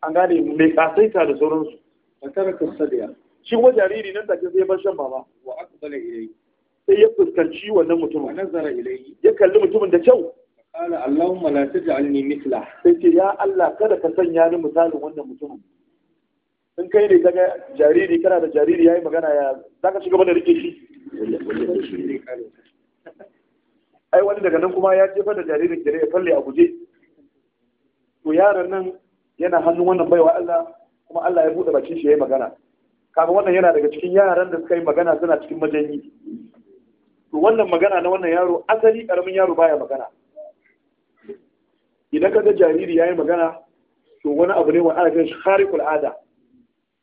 an gane mai kasaita da sauransu wa taraka sadiya shi wa jariri nan take sai bar shan mama wa aqbala ilayhi sai ya fuskanci wannan mutumin nazara ilayhi ya kalli mutumin da kyau Kala Allahumma la ja'alni mithla. Sai ce ya Allah kada ka sanya ni misalin wannan mutumin. In kai ne kaga jariri kana da jariri yayi magana ya zaka shiga da rike shi. Ai wani daga nan kuma ya jefa da jaririn gare ya falle a guje. To yaron nan yana hannun wannan baiwa Allah kuma Allah ya bude bakin shi yayi magana. Kaga wannan yana daga cikin yaran da suka yi magana suna cikin majanyi. To wannan magana na wannan yaro asali karamin yaro baya magana. idan ka ga jariri ya yi magana to wani abu ne wani ana shi al'ada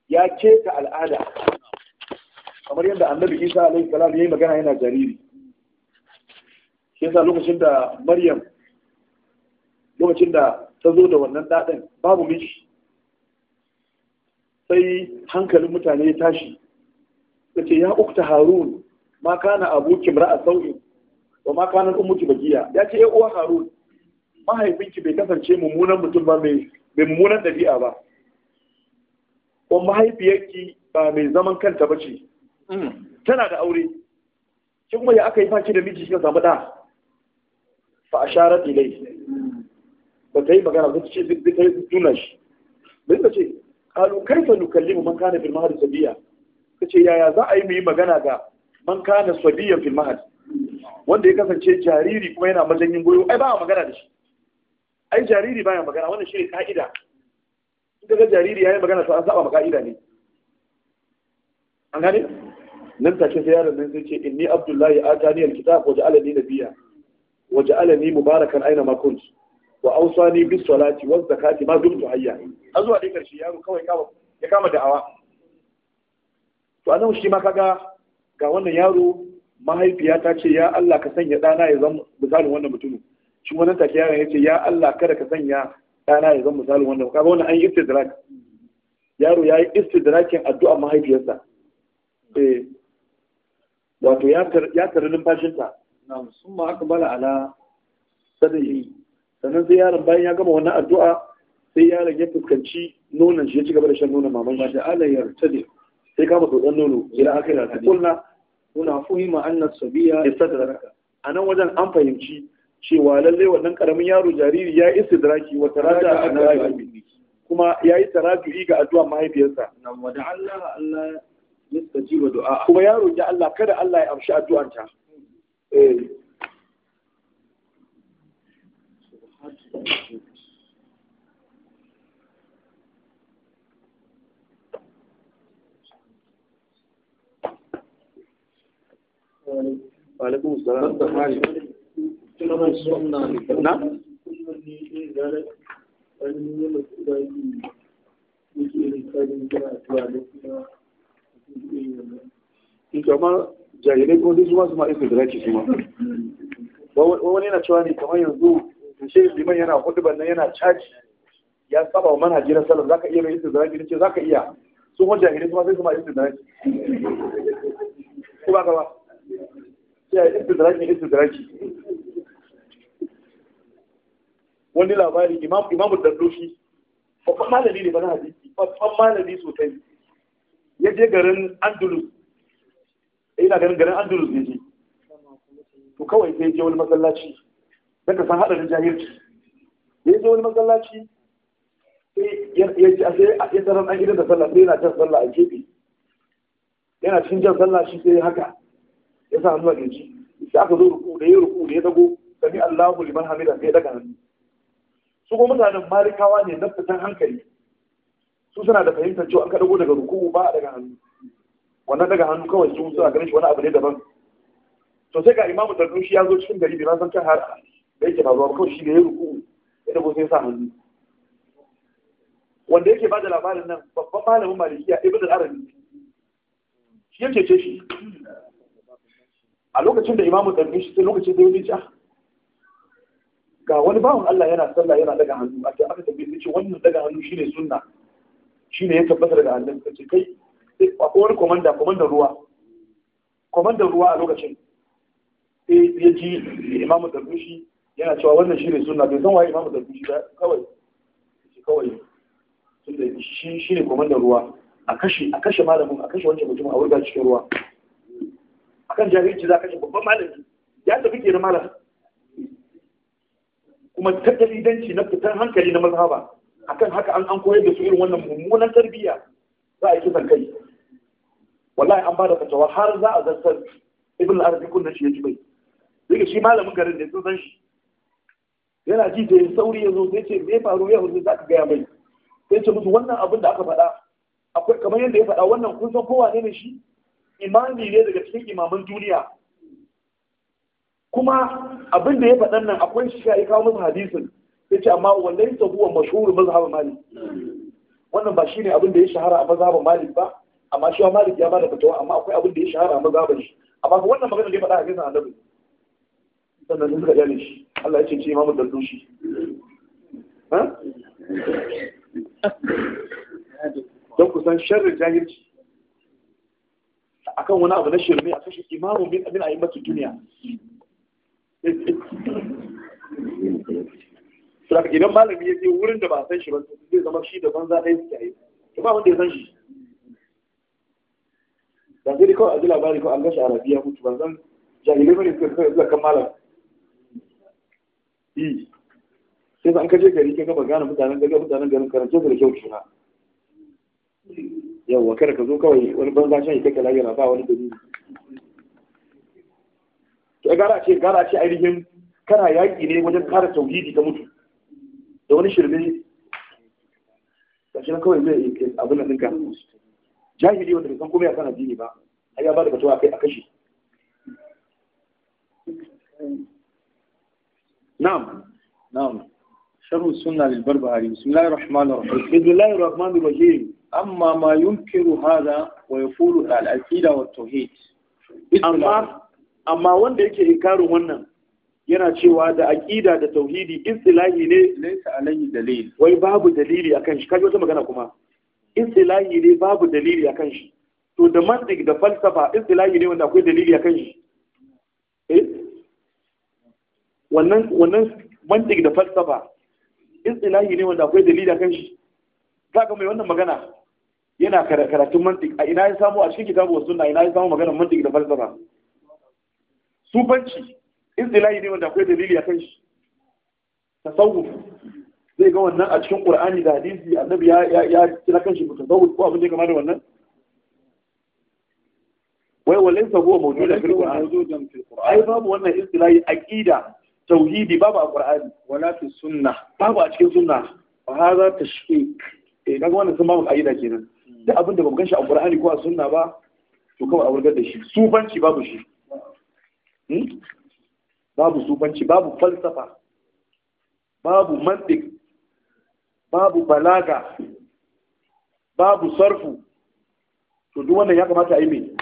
ya keta al'ada kamar yadda annabi isa alaihi salam ya yi magana yana jariri shi yasa lokacin da maryam lokacin da ta zo da wannan ɗaɗin babu miji sai hankalin mutane ya tashi ta ce ya ukta harun ma kana abokin mra'a sau'in wa ma kana ummuki bagiya ya ce ya uwa harun mahaifinki bai kasance mummunan mutum ba mai mummunan ɗabi'a ba ko mahaifiyarki ba mai zaman kanta ba ce mm. tana da aure ki kuma ya aka yi faki da miji shi samu ɗa fa a shara ɗilai ba ta yi magana ba ce zai ta yi nuna shi ba ta ce kalu kaifa nukallimu man kana fil mahad sabiya ta ce yaya za a yi mu yi magana ga man kana sabiya fil mahad wanda ya kasance jariri kuma yana majanyin goyo ai ba a magana da shi ai jariri baya magana wannan shi ne ka'ida in ka ga jariri yayin magana to an saba ma ka'ida ne an gane nan take sai yaron nan sai ce inni abdullahi atani alkitab wa ja'alani nabiyya wa ja'alani mubarakan aina ma kunt wa awsani bis salati waz zakati ma dumtu hayya har zuwa dai karshe yaro kawai kama ya kama da'awa to anan shi ma kaga ga wannan yaro mahaifiya ta ce ya Allah ka sanya dana ya zama misalin wannan mutumin shi wannan take yaron ya ce ya Allah kada ka sanya ɗana ya zama misalin wannan kaga wannan an yi istidrak yaro ya yi istidrakin addu'a mahaifiyarsa eh wato ya tare numfashinta na sun ma aka bala ala sadai sannan sai yaron bayan ya gama wannan addu'a sai yaron ya fuskanci nonon shi ya ci gaba da shan nonon maman shi da ala tade sai kama tsotson nono ila aka yi da kulna kuna fahimta, annas sabiya istadraka a nan wajen an fahimci cewa lalle wannan karamin yaro jariri ya yi sidraki wata rata a nan kuma ya yi taraju'i ga addu'a mahaifiyarsa wada Allah Allah ya ji wa du'a kuma ya roki Allah kada Allah ya amshi addu'anta eh وعليكم السلام na kamar jahilai kuma duk suma suma ma isa da suma. ma wani yana cewa ne kamar yanzu da shi liman yana hudubar nan yana caji ya saba wa manhaji na sallar zaka iya mai isa da ce zaka iya sun wajen jahilai kuma sai suma ma isa da ko ba ka sai a isa da raki isa da wani labari imam imamu dandoshi babban malami ne bana hadisi babban malami sosai ya je garin andalus ina eh, ganin garin andalus ne je to kawai sai je wani masallaci don ka san haɗarin jahilci ya je wani masallaci sai ya tarar an gidan da sallah sai yana can sallah a gefe yana cikin jan sallah shi sai haka ya sa hannu a gefe sai aka zo ruku da ya ruku da ya dago sami Allahu liman hamida sai ya daga hannu su kuma mutanen marikawa ne na fitan hankali su suna da fahimtar cewa an ka dago daga ruku'u ba a daga hannu wannan daga hannu kawai su suna ganin shi wani abu ne daban to sai ga imamu da ya zo cikin gari bai san kan har da yake faruwa kawai shi da ya ruku'u ya dago sai sa hannu wanda yake ba da labarin nan babban malamin malikiya ibn al-arabi shi yake ce shi a lokacin da imamu tardushi sai lokacin da ya ce ga wani bawan Allah yana sallah yana daga hannu a ce aka tambaye ce wannan daga hannu shine sunna shine ya tabbata daga Ka ce, kai eh, akwai wani komanda komandan ruwa komandan ruwa a lokacin sai eh, ya ji imamu darbushi yana cewa wannan shine sunna bai san waye imamu darbushi ba kawai kawai tunda shi shine komandan ruwa a kashe a kashe malamin a kashe wancan mutumin a wurga cikin ruwa akan ci za a kashe babban malami ya tafi kenan malam kuma tattalidanci na fitar hankali na mazhaba akan haka an koyar da su irin wannan mummunan tarbiyya za a yi kisan kai wallahi an ba da fatawa har za a zartar ibn arabi kunna shi ya ji bai daga shi malamin garin ne sun san shi yana ji da sauri ya zo sai ce me faru yau za zaka gaya mai sai ce musu wannan abin da aka faɗa akwai kamar yadda ya faɗa wannan kun san kowa ne shi Imani ne daga cikin imaman duniya kuma abin da ya faɗan nan akwai shi ya kawo masa hadisin ya ce amma wallai ta huwa mashhur mazhab malik wannan ba shine abin da ya shahara a mazhabin malik ba amma shi malik ya bada fatawa amma akwai abin da ya shahara a mazhabin shi amma wannan magana da ya faɗa a hadisin annabi sannan sun suka gane shi Allah ya ce ce imamu da dushi don ku san sharrin jahilci akan wani abu na shirme a kashe imamu min abin a yi duniya Saka idan malami ya je wurin da ba san shi ba zai zama shi da banza ɗaya su su Ba wanda ya san shi. Da zai dai kawai a ji labari ko an gashi arabiya mutu ba zan jahilai bane suka kan malam. Yi. Sai an kaje gari ka gaba gane mutanen daga mutanen garin karance su da kyau juna. Yawwa kada ka zo kawai wani banza shan yi kai ka ba wani dalili. to gara ce gara ce ainihin kana yaƙi ne wajen kare tauhidi ka mutu da wani shirme gashi na kawai zai abin nan ɗinka jahili wanda san komai akan addini ba ai ya ba da fatawa kai a kashe na'am na'am شرح السنة للبربهاري بسم الله الرحمن الرحيم بسم الله الرحمن الرحيم أما ما ينكر هذا ويقول العقيدة والتوحيد أما amma wanda yake inkarin wannan yana cewa da aqida da tauhidi istilahi ne laysa alayhi dalil wai babu dalili akan shi kaje wata magana kuma istilahi ne babu dalili akan shi to da mantik da falsafa istilahi ne wanda akwai dalili akan shi eh wannan wannan mantik da falsafa istilahi ne wanda akwai dalili akan shi kaga mai wannan magana yana karatun mantik a ina ya samu a cikin kitabu wa sunna ina ya samu maganar mantik da falsafa sufanci istilahi ne wanda akwai dalili akan shi tasawuf zai ga wannan a cikin qur'ani da hadisi annabi ya ya kira kanshi mutasawuf ko abin da kama da wannan wai walin sa huwa mawjuda fil qur'an ai babu wannan istilahi aqida tauhidi babu a qur'ani wala fi sunna babu a cikin sunna fa hadha tashkik eh kaga wannan sun babu aqida kenan duk abin da bamu ganshi a qur'ani ko a sunna ba to kawai a wurgar da shi sufanci babu shi Hmm? babu sufanci babu falsafa babu mantik babu balaga babu sarfu to duk wannan ya kamata a yi mai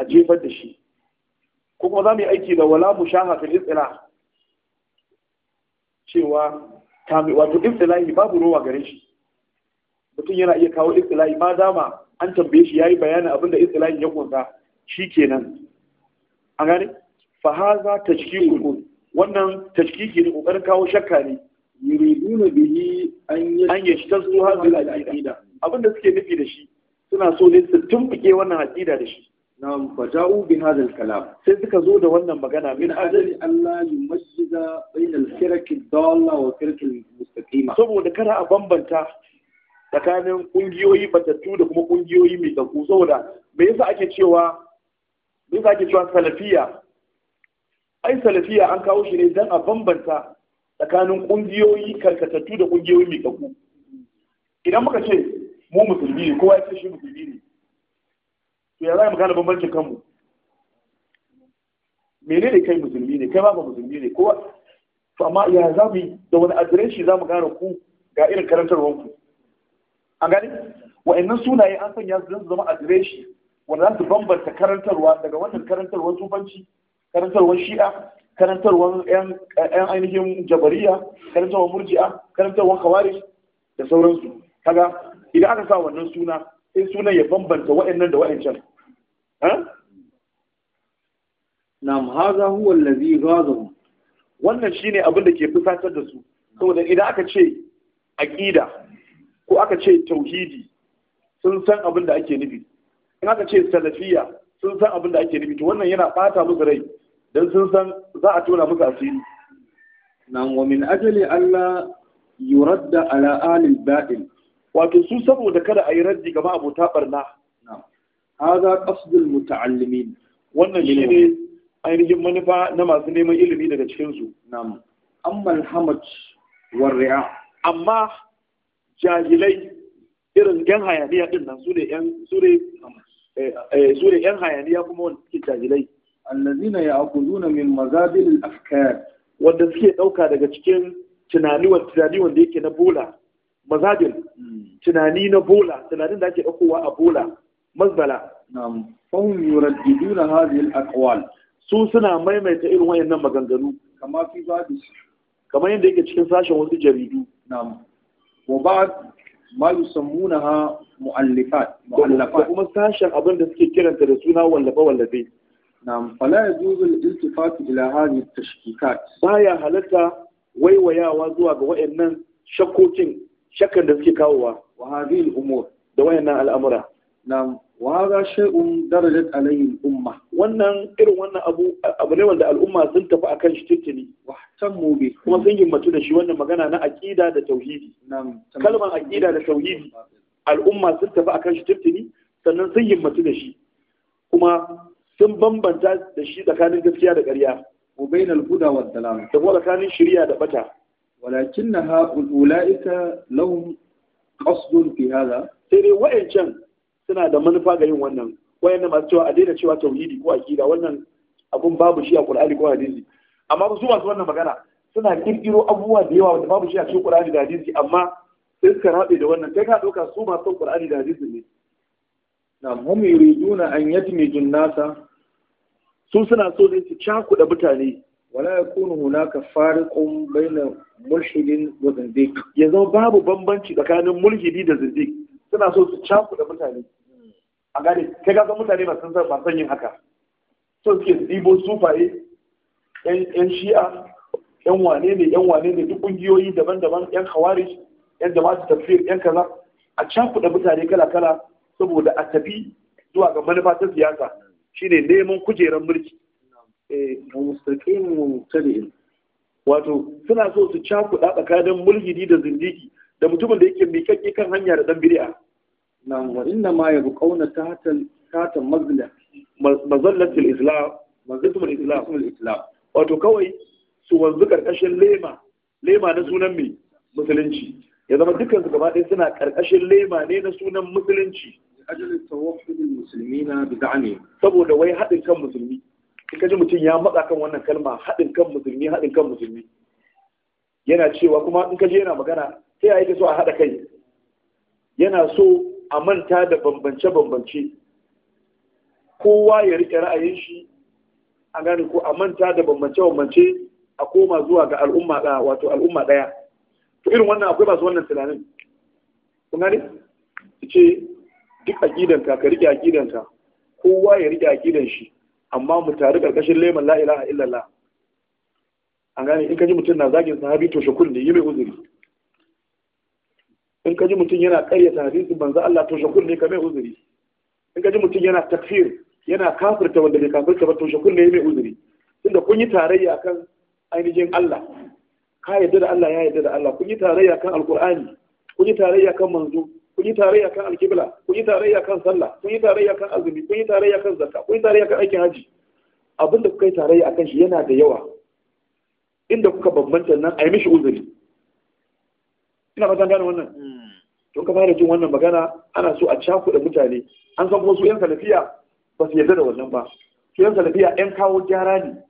a jefar da shi ko kuma za mu yi aiki da wala mu sha hafin istila cewa wato istilahi babu rowa gare shi mutum yana iya kawo istilahi ma dama an tambaye shi ya yi bayanin abinda istilahi ya kunsa shi kenan a gane fa ciki tashkiku wannan ta ke da kokarin kawo shakka ne na bihi an an yashtazu hadhihi al aƙida abinda suke nufi da shi suna so ne su tumbuke wannan aƙida da shi Na fa bi hadha kalam sai suka zo da wannan magana min ajali Allah yumashiza bain al-firq ad-dalla wa firq mustaqima saboda kada a bambanta tsakanin kungiyoyi batattu da kuma kungiyoyi mai tsaku saboda me yasa ake cewa duk ake cewa salafiya ai salafiya an kawo shi ne don a bambanta tsakanin ƙungiyoyi karkatattu da ƙungiyoyi kaku idan muka ce mu musulmi ne kowa ya ce shi musulmi ne to ya za mu gane bambancin kanmu mene ne kai musulmi ne kai ma ba musulmi ne kowa to amma ya za mu yi da wani adireshi za mu gane ku ga irin karantarwar ku an gani wa'annan sunaye an sanya su zama adireshi wanda za su bambanta karantarwa daga wannan karantarwar tubanci karantarwar shi'a karantarwar yan ainihin jabariya karantarwar murji'a karantarwar kawari da sauransu kaga idan aka sa wannan suna sai sunan ya bambanta wa'annan da wa'ancan eh? nam haza huwa allazi ghadahu wannan shine abin da ke fusatar da su saboda idan aka ce aqida ko aka ce tauhidi sun san abin da ake nufi in aka ce salafiya sun san abin da ake nufi to wannan yana bata musu rai dan sun san za a tona musu asiri nan wa min ajali Allah yuradda ala alil Wa wato su saboda kada a yi raddi ga ma'abota barna hadha qasdul muta'allimin wannan shine ainihin manufa na masu neman ilimi daga cikin su na'am amma alhamaj war ri'a amma jahilai irin yan hayaniya din nan su ne yan su ne Eh, eh, su ne yan hayaniya kuma wanda suke jahilai allazina ya'khuduna min mazabil afkar wanda suke dauka daga cikin tunani wanda tunani wanda yake na bola mazabil hmm. tunani na bola tunanin da ake daukowa a bola mazbala na'am fahum yuraddiduna hadhihi al-aqwal su suna maimaita irin wayannan maganganu kamar fi babu kamar yadda yake cikin sashen wasu jaridu Na mu ba. ma ha mu'allifat mu'allafat kuma sashen abin da suke kiranta da suna wallafe wallafe na'am fala yajuzu al-iltifat ila hadhihi at-tashkikat baya halatta waiwayawa zuwa ga wayannan shakkokin shakkan da suke kawowa wa hadhihi al-umur da wayannan al'amura na'am wa hadha shay'un darajat alayhi al-umma wannan irin wannan abu abu ne wanda al'umma sun tafi akan shi titini. wa tammu bi kuma sun yi matu da shi wannan magana na aqida da tauhidi kalmar aqida da tauhidi al'umma sun tafi akan shi tuntuni sannan sun yi matu da shi kuma sun bambanta da shi tsakanin gaskiya da ƙarya wa al huda wa dalal da kuma tsakanin shari'a da bata walakin ha ulaika lahum qasdun fi hada sai dai wa'ancan suna da manufa ga yin wannan wayannan masu cewa a daina cewa tauhidi ko aqida wannan abun babu shi a Qur'ani ko hadisi amma su masu wannan magana suna kirkiro abubuwa da yawa wanda babu shi a cikin Qur'ani da hadisi amma sai suka rabe da wannan kai ka dauka su masu Qur'ani da hadisi ne na'am hum yuriduna an yatmiju nasa su suna so ne su cakuda mutane wala yakunu hunaka fariqun baina mulhidin wa zindiq ya zama babu bambanci tsakanin mulhidi da zindiq suna so su cakuda mutane a gane kai ka san mutane ba san ba san yin haka so suke su ɗibo sufaye yan shi'a yan wane ne yan wane ne duk ƙungiyoyi daban-daban yan ƴan yan masu tafiya, yan kaza a can kuɗa mutane kala-kala saboda a tafi zuwa ga manufa ta siyasa shine neman kujerar mulki eh, wato suna so su cakuɗa tsakanin mulhidi da zindigi da mutumin da yake miƙaƙƙe kan hanya da ɗan biri'a. Na wa inna ma ya buƙauna ta tatan mazalla. Mazallatul Islam. Islam. wato kawai su wanzu karkashin lema lema na sunan mai musulunci ya zama dukkan su gaba ɗaya suna karkashin lema ne na sunan musulunci ajalin tawaffudin musulmi na bid'ani saboda wai haɗin kan musulmi in kaji mutum ya matsa kan wannan kalma haɗin kan musulmi haɗin kan musulmi yana cewa kuma in kaji yana magana sai ya yi so a haɗa kai yana so a manta da bambance-bambance kowa ya riƙe ra'ayin shi an gane ko a manta da bambance-bambance a koma zuwa ga al'umma ɗaya wato al'umma ɗaya to irin wannan akwai masu wannan tunanin kun gane ce duk aqidan ka riƙe ka kowa ya riƙe aqidan shi amma mu tare karkashin leman la ilaha illallah an gane in ka ji mutum na zagin sahabi to shakul ne yi mai uzuri in ka ji mutum yana ƙaryata hadisin banza Allah to shakul ne ka mai uzuri in ka ji mutum yana takfir yana kafirta wanda bai kafirta ba to shi ne ya mai uzuri tunda kun yi tarayya kan ainihin Allah ka yadda da Allah ya yadda da Allah kun yi tarayya kan alqur'ani kun yi tarayya kan manzo kun yi tarayya kan alkibla kun yi tarayya kan sallah kun yi tarayya kan azumi kun yi tarayya kan zakka kun yi tarayya kan aikin haji abin da kuka yi tarayya akan shi yana da yawa inda kuka bambanta nan a yi mishi uzuri ina fatan gane wannan hmm. Tun ka fara jin wannan magana ana so a cakuɗa mutane an san kuma su yan salafiya ba su yarda da wannan ba to yan salafiya yan kawo gyara ne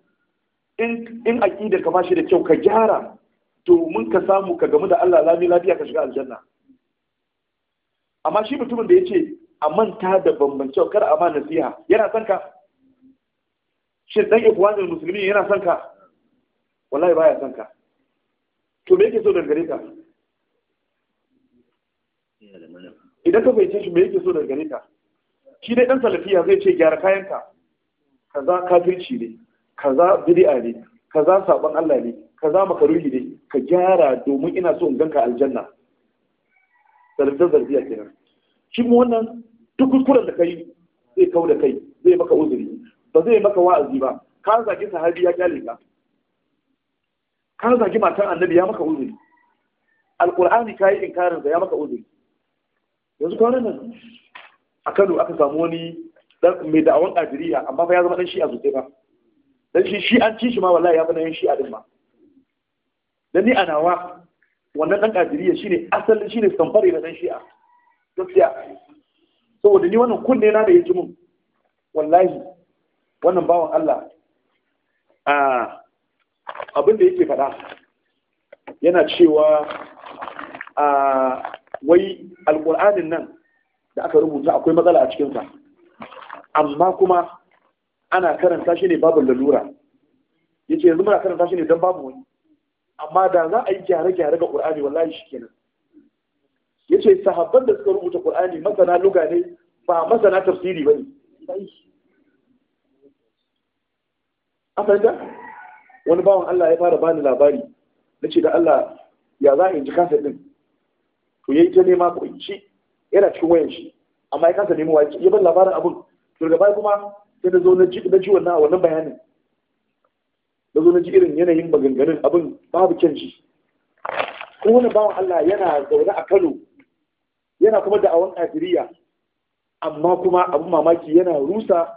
in aƙidar ka bashi da kyau ka gyara domin ka samu ka gamu da Allah lami lafiya ka shiga aljanna amma shi mutumin da ya ce a manta da bambance kar a ma nasiha yana son ka shi dan ikwanul musulmi yana son ka wallahi baya son ka to me yake so daga gare ka idan ka fahimce shi me yake so daga gare ka shi dai dan salafiya zai ce gyara kayanka kaza kafirci ne kaza bid'a ne kaza sabon Allah ne kaza makaruhi ne ka gyara domin ina so in ganka aljanna salafiyar salafiya kenan shi mu wannan duk kuskuren da kai zai kau da kai zai maka uzuri ba zai maka wa'azi ba ka zagi sahabi ya kyale ka ka zagi matan annabi ya maka uzuri alqur'ani kai inkarin sa ya maka uzuri yanzu kwanan nan a Kano aka samu wani mai da'awan ajiriya amma fa ya zama dan shi'a sosai ba dan shi shi an ci shi ma wallahi ya fi dan shi'a din ma dan ni Nawa, wannan dan Qadiriyya shine asalin shine samfare na dan shi'a gaskiya saboda ni wannan kunne na da ya ji mun wallahi wannan bawan Allah a abin da yake faɗa yana cewa a wai alƙur'anin nan da aka rubuta akwai matsala a cikinsa amma kuma ana karanta shi ne babu lalura ya ce yanzu muna karanta shi ne don babu wani amma da za a yi gyare-gyare ga ƙur'ani wallahi shi kenan ya ce sahabban da suka rubuta ƙur'ani masana luga ne ba masana tafsiri ba ne a fahimta wani bawan Allah ya fara bani labari na ce da Allah ya za a yi ji kasa din? to ya yi ta nema ko in ci yana cikin wayan shi amma ya kasa nemo waye ya bar labarin abun to daga baya kuma sai da zo na ji da ji wannan a wannan bayanin da zo na ji irin yanayin maganganun abin babu kyan ji kuma wani bawan Allah yana zaune a Kano yana kuma da awon kadiriya, amma kuma abin mamaki yana rusa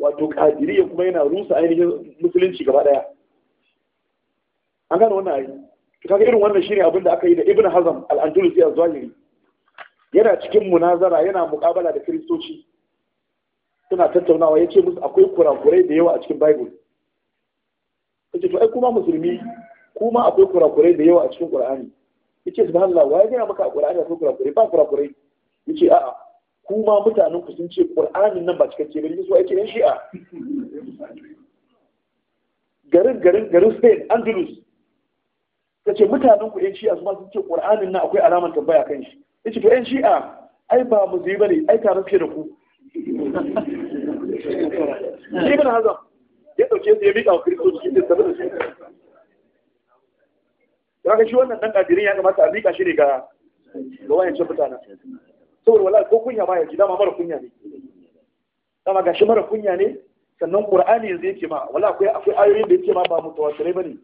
wato kadiriya kuma yana rusa ainihin musulunci gaba daya an gano wannan ayi kaga irin wannan shine abin da aka yi da Ibn Hazm al-Andalusi az-Zahiri yana cikin munazara yana muƙabala da kiristoci suna tattaunawa ya ce musu akwai kurakurai da yawa a cikin bible ya ce to ai kuma musulmi kuma akwai kurakurai da yawa a cikin qur'ani ya ce subhanallah wa ya gaya maka a qur'ani akwai kurakurai ba kurakurai ya ce a'a kuma mutanen ku sun ce qur'anin nan ba cikakke ba ne su ake yan shi'a garin garin garin spain andalus Ka ce mutanen ku yan shi'a su ma sun ce qur'anin nan akwai alamar tambaya kan shi yace to yan shi'a ai ba mu zai bane ai ka rufe da ku shi ibn hazam ya dauke su ya miƙa wa kiristoci da sabu da shi kaga shi wannan dan kadirin ya kamata a miƙa shi ne ga ga wayancin mutanen saboda wallahi ko kunya ma ya ji dama mara kunya ne dama gashi mara kunya ne sannan qur'ani yanzu yake ma wallahi akwai akwai ayoyin da yake ma ba mutawatirai bane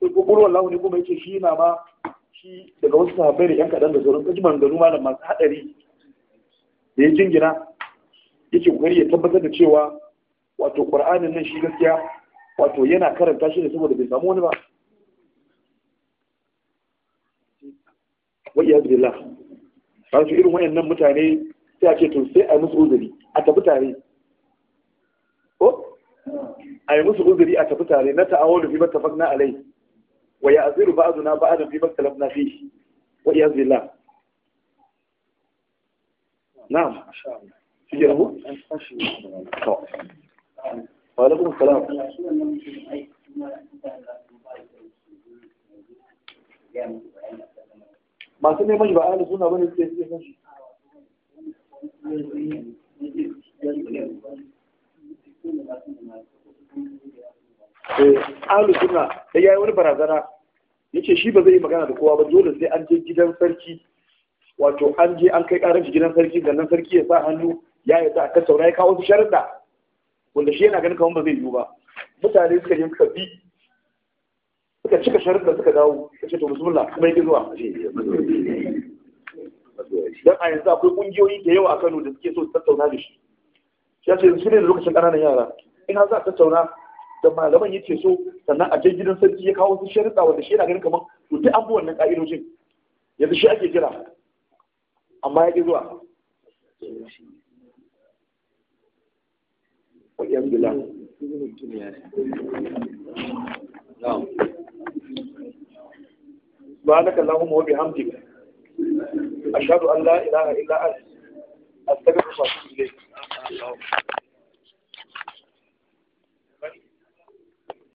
ko kuma wallahi ne kuma yake shi na ma shi daga wasu sahabbai da yan kaɗan da sauran da maganganu da masu haɗari da ya jingina yake kokari ya tabbatar da cewa wato ƙur'anin nan shi gaskiya wato yana karanta shi ne saboda bai samu wani ba wa iyaz billah ba su irin wayannan mutane sai a ce to sai a yi musu uzuri a tafi tare ko a yi musu uzuri a tafi tare na ta'awulu fi battafaqna alai wa ya'ziru ba'duna ba'dan fi maktalafna fihi wa iyaz billah na'am shi ne mu to wa alaikum salam masu neman ba ahli suna bane suke suke eh, da barazana yace shi ba zai yi magana da kowa ba dole sai an je gidan sarki wato an je an kai karar gidan sarki nan sarki ya sa hannu ya yi a tattauna ya kawo su sharuɗa wanda shi yana ganin kamar ba zai yi ba mutane suka yi suka bi suka cika sharuɗa suka dawo suka ce to bismillah kuma yake zuwa dan a yanzu akwai kungiyoyi da yawa a Kano da suke so su tattauna da shi ya ce su ne da lokacin ƙananan yara in har za a tattauna da malaman yake so sannan a je gidan sarki ya kawo su sharuɗa wanda shi yana ganin kamar to duk an bi wannan ƙa'idojin yanzu shi ake jira amma ya ƙi zuwa wajen gila سبحانك اللهم وبحمدك أشهد أن لا إله إلا أنت أستغفرك وأتوب إليك